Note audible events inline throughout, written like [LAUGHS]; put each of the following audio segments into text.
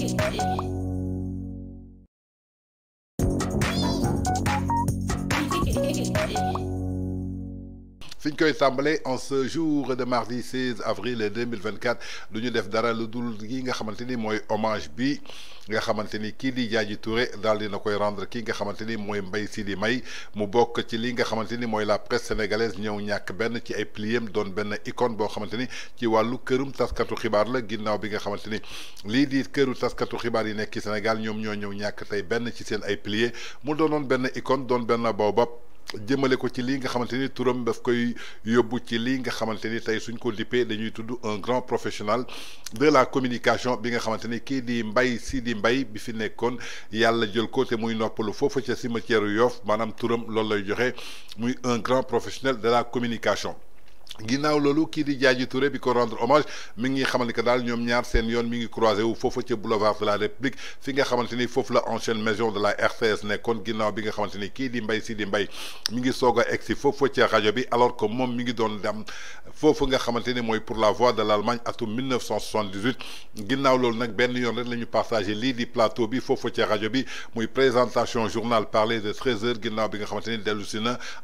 Thank [LAUGHS] you. en ce jour de mardi 16 avril 2024 nous ñu def dara lu dul yi nga hommage bi nga xamanteni ki li di Touré dal dina koy rendre ki nga xamanteni moy Sidi May mu bok ci li nga xamanteni moy la presse sénégalaise ñew ñak Ben, ci ay pliem don Ben icône bo xamanteni ci walu kërum taskatu xibaar la ginnaw bi nga xamanteni li di këru taskatu xibaar yi nekk Sénégal ñom ñoo ñew ñak tay ben ci seen ay plié mu donon ben icône doon benn jëmale ko ci li nga xamante ni turam daf koy yóbbu ci li nga xamante ni tey suñ ko dippee dañuy tudd un grand professionnel de la communication bi nga xamante ni kii di mbay si di mbay bi fi nekkoon yàlla jël ko te muy noppalu foofu ca cimetière Yoff maanaam turam loolu lay joxe muy un grand professionnel de la communication ginnaaw loolu kii di Diadji Touré bi ko rendre hommage mi ngi xamal ni que daal ñoom ñaar seen yoon mi ngi croisé wu boulevard de la République fi nga xamante ni foofu la ancienne maison de la RTS nekkoon ginnaaw bi nga xamante ni kii di si Sidi Mbaye mi ngi soog a et si radio. rajo bi alors que moom mi ngi doon dem foofu nga xamante ni pour la voix de l'allemagne à tout 1978 ginnaaw loolu nag benn yoon rek la ñu partagé di plateau bi foofu ci rajo bi muy présentation journal parlé de 13 heures ginnaaw bi nga xamante ni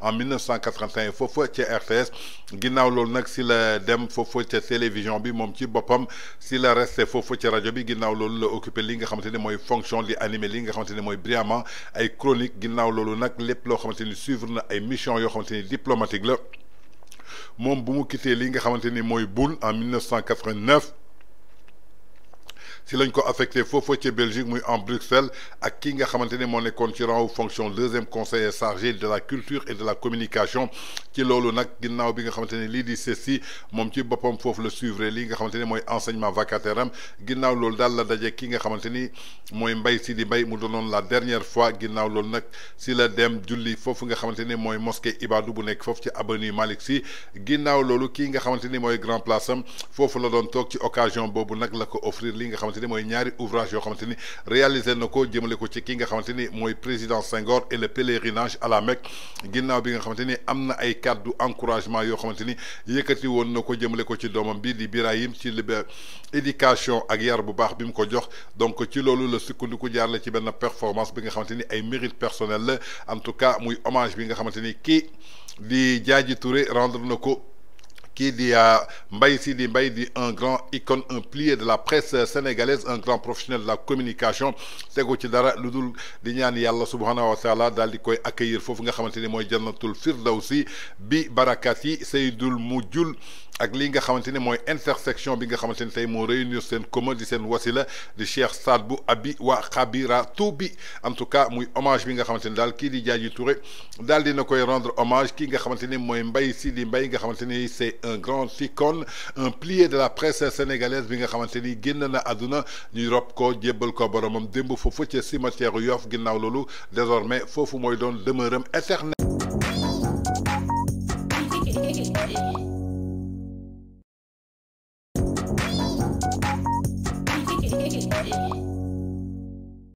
en 1981 foofu ci rcs ginnaaw ginnaaw loolu nak si la dem fofu ci télévision bi mom ci bopam si la resté foofu ca rajo bi ginnaw loolu la occuper li nga xamanteni moy fonction li animé li nga xamanteni moy mooy brillamment ay chronique ginnaw loolu nak lepp lo xamanteni suivre na ay mission yo xamanteni diplomatique la mom bu mu quitté li nga xamanteni moy Boule en 1989 si lañ ko affecté Fofo ci Belgique muy en Bruxelles ak ki nga mon ni moo nekkoon ci fonction deuxième conseiller chargé de la culture et de la communication ci l'on a ginnaaw bi nga xamante ni lii di CESTI moom ci suivre lii nga xamante ni enseignement vacataire am ginnaaw loolu la daje ki nga xamante ni mooy Mbaye Sidi Mbaye mu donnons la dernière fois ginnaaw a nag si la dem julli foofu nga xamante ni mosquée Ibadou bu nekk foofu ci avenue Malick Sy ginnaaw loolu nga grand place am le la doon qui occasion boobu nak la ko offrir li nga des moy ñaari ouvrage yo xamanteni réalisé nos jëmele ko ci ki nga xamanteni moy président Senghor et le pèlerinage à la Mecque ginnaw bi nga xamanteni amna ay cadeau encouragement yo xamanteni yëkëti won nako jëmele ko ci domam bi di Birahim ci li éducation ak yar bu baax bi ko jox donc ci le le sukkandiku jaar la ci ben performance bi nga xamanteni ay mérite personnel en tout cas muy hommage bi nga xamanteni ki kii di tour Touré rendre nos coups qui dit Mbaïsi Mbaïdi, un grand icône, un plié de la presse sénégalaise, un grand professionnel de la communication. C'est quoi dara lu di ñaan subhanahu wa taala daal di koy accueillir Foufunga nga xamante ni bi barakati yi saydul ak li nga xamanteni moy intersection bi nga xamanteni tay mo réunir sen commun di seen wasila di Cheikh Saad Abi wa bi en tout cas muy hommage bi nga xamanteni dal ki di Diadji Touré dal dina koy rendre hommage ki nga xamanteni moy mbay Sidi nga xamanteni c'est un grand icône un pilier de la presse sénégalaise bi nga xamanteni ni na Aduna, ñuy rob ko djébal ko boromam demb fofu ci cimetière Yoff ginnaw lolu désormais fofu moy don demeureum éternel Thank you.